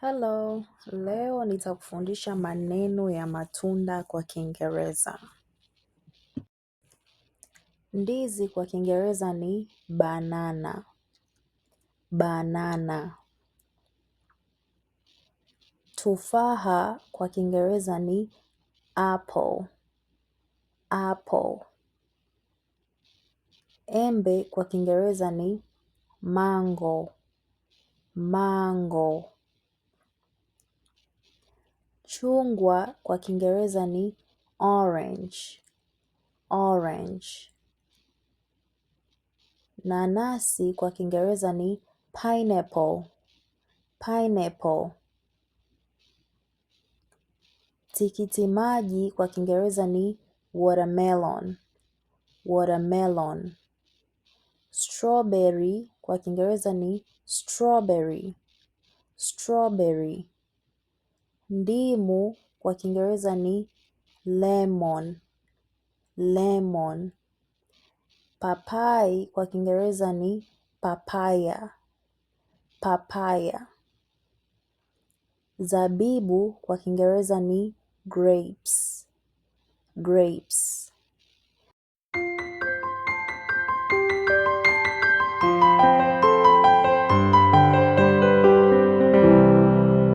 Hello, leo nitakufundisha maneno ya matunda kwa Kiingereza. Ndizi kwa Kiingereza ni banana. Banana. Tufaha kwa Kiingereza ni apple. Apple. Embe kwa Kiingereza ni mango. Mango. Chungwa kwa Kiingereza ni orange, orange. Nanasi kwa Kiingereza ni pineapple, pineapple. Tikiti maji kwa Kiingereza ni watermelon, watermelon. Strawberry kwa Kiingereza ni strawberry, strawberry. Ndimu kwa Kiingereza ni lemon, lemon. Papai kwa Kiingereza ni papaya, papaya. Zabibu kwa Kiingereza ni grapes, grapes.